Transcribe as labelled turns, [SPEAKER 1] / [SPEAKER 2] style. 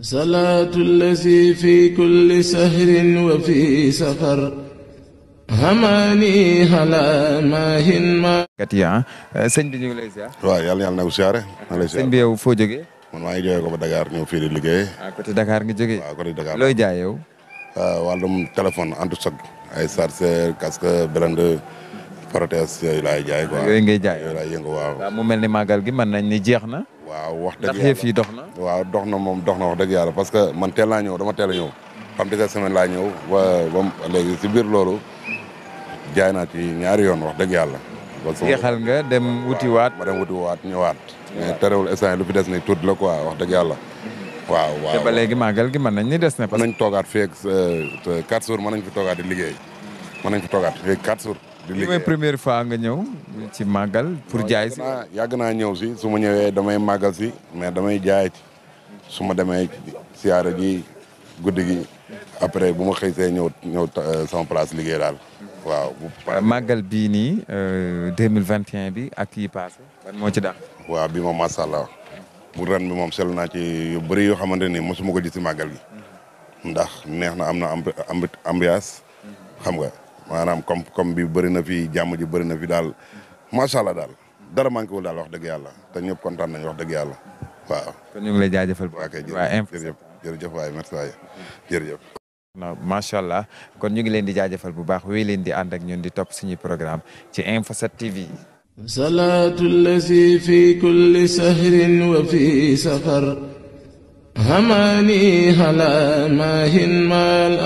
[SPEAKER 1] salaatu allazi fi kulli sahrin wa fi safar hamani hala maahin ma kat ya ah. eh, sëñ bi ñu ngi lay ziar waaw yàlla yàlla na ko siyaare sëñ bi yow foo jógee man maa ngi ko ba Dakar ñëw fii di liggéey ah côté Dakar nga jógee waaw côté jaay ah, wàllum téléphone antu choc ay chargeur casque blende protège yooyu laay jaay quoi yooyu ngay jaay yooyu laay yëngu mu mel ni màggal gi mën nañ ni jeex na waaw wax dëgg yàlla ndax yëf dox na. waaw dox na moom dox na wax dëgg yàlla parce que man teel laa ñëw dama teel a ñëw. xam nga semaine laa ñëw ba ba léegi si biir loolu jaay naa ci ñaari yoon wax dëgg yàlla. jeexal nga dem wuti waat ma dem wuti waat ñëwaat. mais terewul instant lu fi des ni tut la quoi wax dëgg yàlla. waaw waaw te ba léegi màggal gi mën nañ ni des na. mën nañ toogaat fii ak 4 euh, mën nañ fi toogaat di liggéey. mën nañ fi toogaat fii 4 jours. li mooy première fois nga ñëw ci màggal pour jaay si yàgg naa ñëw si su ma ñëwee damay màggal si mais damay jaay ci su ma demee siyaare ji guddi gi après bu ma xëy see ñëw ñëw euh, sama place liggéey daal waaw. Euh, màggal bii nii 2021 euh, bi ak yi passé moo ci dàq. waaw bi moom macha allah bu ren bi moom seetlu naa ci yu bëri yoo xamante ni mosuma ko si màggal gi. ndax neex na am na ambiance. xam nga. maanaam comme comme bi bëri na fi jàmm ji bëri na fi daal macha allah daal dara manqué wul daal wax dëgg yàlla te ñëpp kontaan nañ wax dëgg yàlla waaw. kon ñu ngi lay jaajëfal. waa kay jërëjëf jërëjëf waay merci waay jërëjëf. macha allah kon ñu ngi leen di jaajëfal bu baax wéy leen di ànd ak ñun di topp suñu programme ci Info 7 TV. salaatu lazi fi kulli sahrin wa fi safar. hamani hala mahin mal